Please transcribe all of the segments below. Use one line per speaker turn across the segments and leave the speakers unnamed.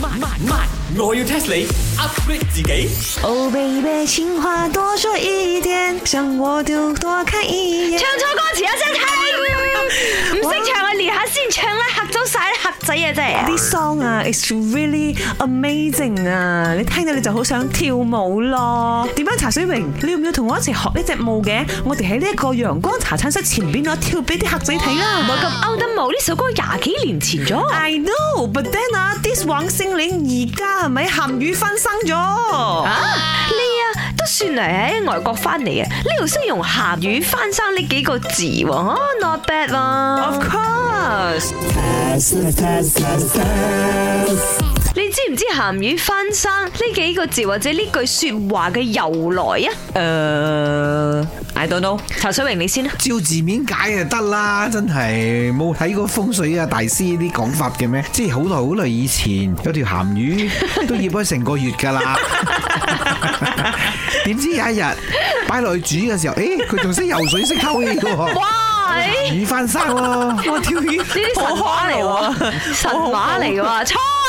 慢慢慢，我要 test 你，upgrade 自己。Oh baby，情話多說一點，想我就多看一眼。唱錯歌詞有聲聽，唔識、啊啊、唱我練下先唱啦、啊，吓咗晒。啲歌啊，is really amazing 啊！你聽到你就好想跳舞咯。點啊，茶水榮，你要唔要同我一齊學呢隻舞嘅？我哋喺呢一個陽光茶餐廳前邊我跳俾啲客仔睇啦。唔咁歐德舞呢首歌廿幾年前咗。I know，but then this 王心凌而家係咪鹹魚翻生咗？Wow. 啊
都算嚟，喺外國翻嚟嘅，呢條識用鹹魚翻生呢幾個字，哦、oh,，not bad 喎。Of course pass, pass, pass, pass, pass。你知唔知鹹魚翻生呢幾個字或者呢句說話嘅由
來啊？誒、uh,，I don't know。茶水榮你先啦。照字面解就得啦，真係冇睇過風水啊大師呢啲講法嘅咩？ 即係好耐好耐以前，有條鹹魚都腌咗成個月噶啦。點知有一日擺落去煮嘅時候，誒佢仲識游水，識偷嘢嘅喎，魚翻喂生咯、啊！哇跳魚，神話嚟喎，神話嚟喎。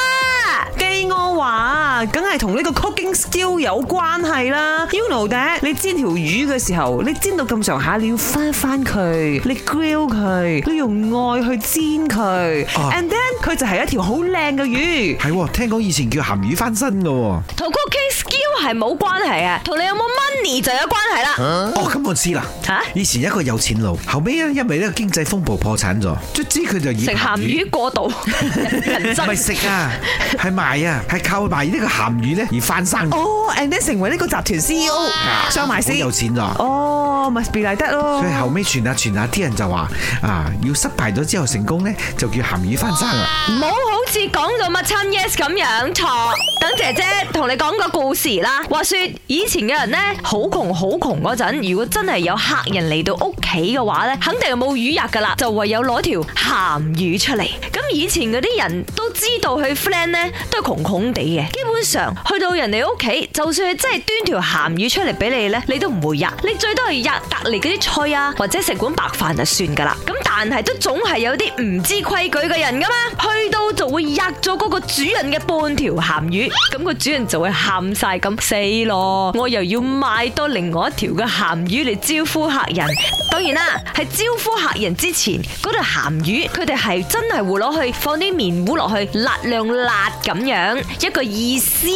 我話梗係同呢個 cooking skill 有關係啦。you know 爹，你煎條魚嘅時候，你煎到咁上下，你要翻翻佢，你 grill 佢，你用愛去煎佢，啊，and then 佢就係一條好靚嘅魚。
係，哦，聽講以前叫鹹魚翻身嘅，
哦。同 cooking skill 係冇關係啊，同你有冇 money 就有關係啦，
啊。哦，咁我知啦。吓，以前一個有錢佬，後尾咧，因為咧經濟風暴破產咗，卒之佢就以食鹹魚
過度。唔係食啊，
係賣。係靠埋呢個鹹魚咧而翻生，哦，and then 成為呢個集團 CEO，Wow. 上埋錢，有錢咗，哦，咪斯貝利得咯。所以後尾傳下傳下，啲人、啊、就話，啊，要失敗咗之後成功咧，就叫鹹魚翻生啊。Wow.
似講到乜親 yes 咁樣錯。等姐姐同你講個故事啦。話說以前嘅人呢，好窮好窮嗰陣，如果真係有客人嚟到屋企嘅話呢，肯定係冇魚吔噶啦，就唯有攞條咸魚出嚟。咁以前嗰啲人都知道佢 friend 呢都係窮窮地嘅。基本上去到人哋屋企，就算佢真係端條咸魚出嚟俾你呢，你都唔會吔。你最多係吔隔籬嗰啲菜啊，或者食碗白飯就算噶啦。咁但係都總係有啲唔知規矩嘅人噶嘛，去。就會壓咗嗰個主人嘅半條鹹魚，咁個主人就會喊晒咁死咯！我又要買多另外一條嘅鹹魚嚟招呼客人。當然啦，喺招呼客人之前，嗰條鹹魚佢哋係真係會攞去放啲麵糊落去，辣量辣咁樣一個意思，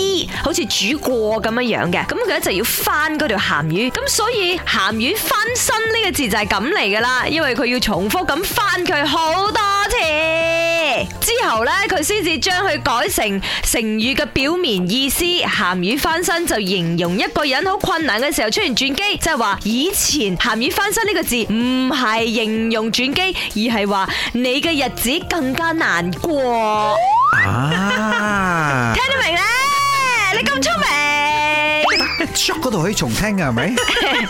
好似煮過咁樣樣嘅。咁佢一就要翻嗰條鹹魚，咁所以鹹魚翻身呢個字就係咁嚟噶啦，因為佢要重複咁翻佢好多。後咧佢先至將佢改成成語嘅表面意思，鹹魚翻身就形容一個人好困難嘅時候出現轉機，即係話以前鹹魚翻身呢個字唔係形容轉機，而係話你嘅日子更加難過。啊、
聽得
明咧？你咁聰明。
shop 嗰度可以重聽㗎係咪？是是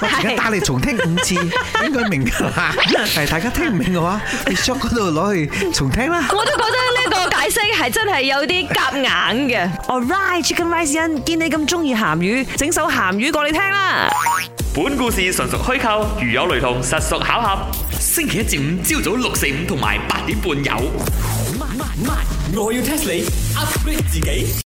我而家打你重聽五次， 應該明㗎啦。係 大家聽唔明嘅話，shop 嗰度攞去重聽啦。我都覺得呢個解
釋係真係有啲夾硬嘅。Alright，Chicken Rice 見你咁中意鹹魚，整首鹹魚過嚟聽啦。本故事純屬虛構，如有雷同，實屬巧合。星期一至五朝早六四五同埋八點半有。我要 test 你
，upgrade 自己。